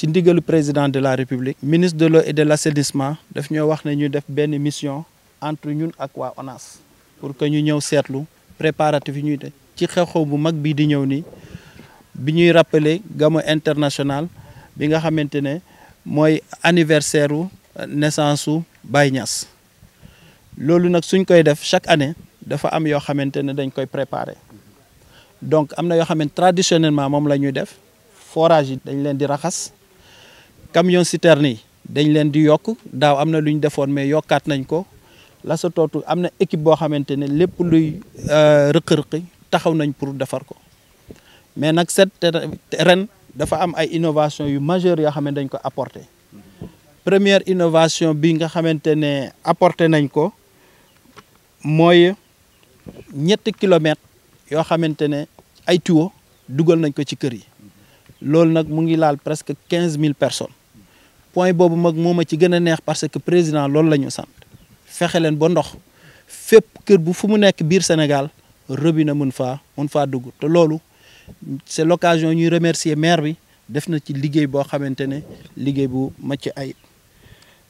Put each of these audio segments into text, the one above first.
ci ndigalu président de la république ministre de l'eau et de l'assainissement daf ñoo wax né ñu def benn mission entre ñun ak wa ONAS pour que ñu ñëw sétlu préparatif ñuy def ci xew-xew bu mag bi di ñëw ni bi ñuy rappeler Gamou international bi nga xamantene moy anniversaire u naissance su Baye Niass lolu nak suñ koy def chaque année dafa am yo xamantene dañ koy préparer donc amna yo xamantene traditionnellement mom la ñuy def forage dañ leen di raxas camion citerne yi dañ leen di yokk daaw am na lu ñu defoon mais yokkaat nañ ko la sa tootu am na équipe boo xamante ne lépp luy euh, rëq-rëq taxaw nañ pour defar ko mais nag set ren dafa am ay innovation yu majeure yoo xam ne dañ ko apporter première innovation bi nga xamante ne apporter nañ ko mooy ñett kilomètres yoo xamante ne ay tuyaux dugal nañ ko ci kër yi loolu nag mu ngi laal presque quinze mille personnes point bobu mag moma ci gëna neex parce que président loolu lañu ñu sant fexe leen ba ndox fep kër bu fumu nek bir Sénégal robinet mun fa mun fa dugg te loolu c'est l'occasion ñuy remercier maire bi def na ci liggéey bo xamantene ne liggéey bu ci ay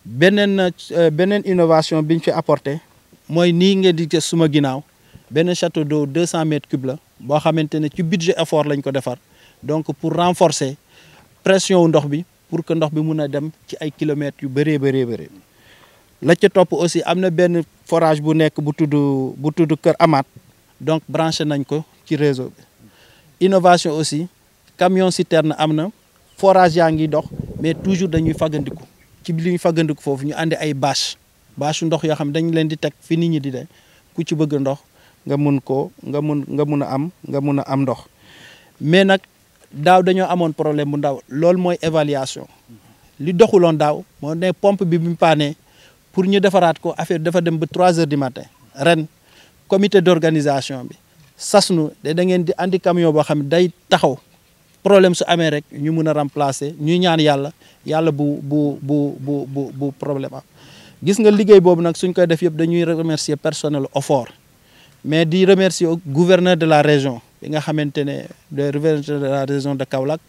benen euh, benen innovation biñ fi apporter moy ni ngeen di suma ginaaw benn château d'eau 200 mètres cubes la bo xamantene ci budget effort lañ ko défar donc pour renforcer pression ndox bi pour que ndox bi mëna dem ci ay kilomètres yu béré béré béré la ci top aussi amna ben forage bu nek bu tuddu bu tuddu Kër amat donc branché nañ ko ci réseau bi innovation aussi camion citerne amna forage yaa ngi dox mais toujours dañuy fagandiku ci bi ñuy fagandiku fofu ñu andi ay bâche bâche ndox yo xam dañ leen di tek fi nit ñi di dé ku ci bëgg ndox nga mën ko nga mën nga mëna am nga mëna am ndox mais nak daaw dañoo amoon problème bu ndaw loolu mooy évaluation li doxuloon daaw moo ne pompe bi bi mu paanee pour ñu defaraat ko affaire dafa dem ba trois heures du matin ren comité d'organisation bi sas nu de ngeen di andi camion boo xam ne day taxaw problème su amee rek ñu mun a remplacer ñu ñaan yàlla yàlla bu bu bu bu bu bu problème am gis nga liggéey boobu nag suñ koy def yëpp dañuy remercier personnel OFOR mais di remercier gouverneur de la région bi nga de ne le de la région de Kaolack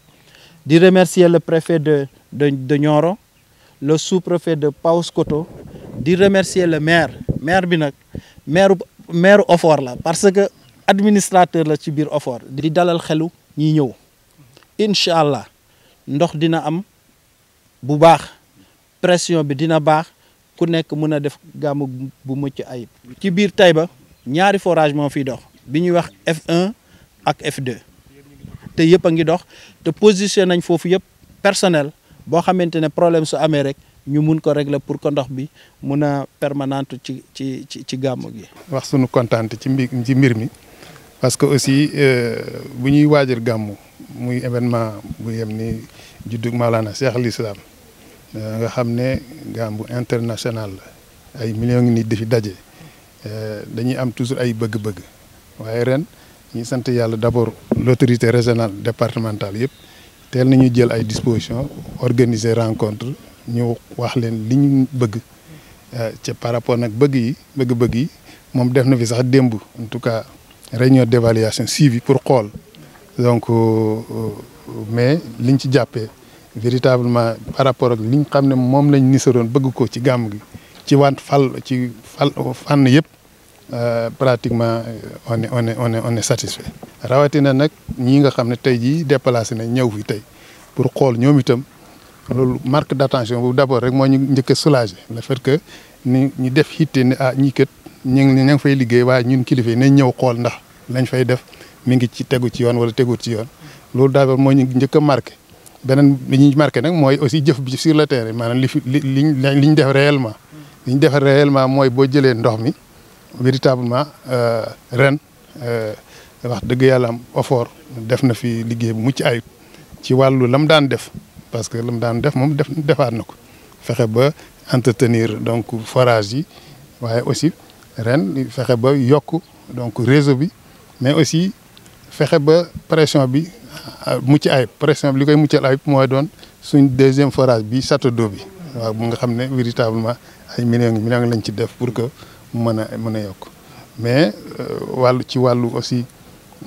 di remercier le préfet de de de Nioro le sous-préfet de Paoskoto di remercier le maire maire bi maire maire Ofor là, parce que administrateur la ci biir Ofor di dalal xelu ñi ñëw incha allah ndox dina am bu baax pression bi dina baax ku nek mëna def gamu bu mucc ayib. ci biir tayba ñaari forage mo fi dox biñu wax F1. ak F2 te yépp a ngi dox te position nañ fofu yépp personnel bo xamante problème su amé rek ñu mën ko régler pour ko ndox bi mëna permanente ci ci ci ci gamu gi. wax suñu contente ci mbir ci mbir mi parce que aussi euh, bu ñuy wajir gamu muy événement bu yem ni juddug malana Cheikh al Islam euh, nga xamné ne international ay millions ngi nit di fi euh dañuy am toujours ay bëgg-bëgg waye ren. ñuy sant yàlla d'abord l'autorité régionale départementale yëpp teel nañu jël ay dispositions organiser rencontre ñu wax leen li ñu bëgg euh, ci par rapport nag bëgg yi bëgg-bëgg yi moom def na fi sax démb en tout cas réunion d'évaluation suivi pour xool donc euh, euh, mais liñ ci jàppee véritablement par rapport ak liñ xam ne moom lañ nisaroon bëgg ko ci gàmm gi ci wàllu fàll ci fàll fànn yëpp. Euh, pratiquement euh, on est on est on satisfait rawatina nag ñii nga xam ne tey jii déplacé nañ ñëw fi tey pour xool ñoom itam loolu marque d'attention boobu d'abord rek moo ñu njëkk solage soulagé le fait que ni ñu def xitte ne ah ñii ñu ngi ña ngi fay liggéey waaye ñun kilifa yi nañ ñëw xool ndax lañ fay def mi ngi ci tegu ci yoon wala tegu ci yoon loolu d'abord moo ñu njëkk a marqué beneen li ñuy marqué nag mooy aussi jëf bi sur le terrain maanaam li fi li liñ liñ def réellement liñ def réellement mooy boo jëlee ndox mi véritablement euh, ren euh, wax deug yalla am effort def na fi liguey bu mucc ci walu lam daan def parce que lam daan def mom def defat nako fexé ba entretenir donc forage yi waye aussi ren fexé ba yok donc réseau bi mais aussi fexé ba pression bi euh, mucc ay pression bi li koy muccal ayib mooy suñ deuxième forage bi château bi wa nga xamné véritablement ay millions millions lañ ci def pour que mëna mëna yok mais euh, walu ci walu aussi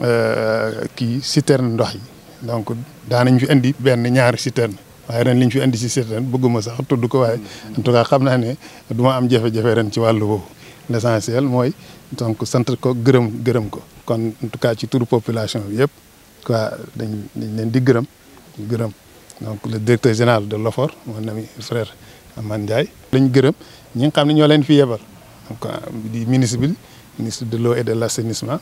euh ki citerne ndox yi donc da nañ fi indi ben ñaar citerne waye ren liñ fi indi ci citerne bëgguma sax tuddu ko waye en tout cas xamna né duma am jafe-jafe ren ci walu boobu l'essentiel moy donc sant ko gërem gërem ko kon en tout cas ci turu population yépp quoi dañ dañ leen di gërem gërem donc le directeur général de l'OFOR mon ami frère Amane Ndiaye lañ gërëm ñi nga xamni ne ñoo leen fi yébal donc euh, di ministre bi ministre de l'eau et de l'assainissement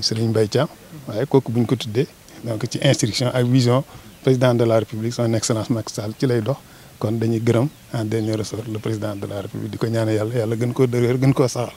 Serigne Mbaye Thiam waaye kooku bu ko tuddé donc ci instruction ak vision président de la république son excellence Macky Sall ci lay dox kon dañuy gërëm en dernier ressort le président de la république diko ko yalla yalla gën ko dëgër gën ko saxal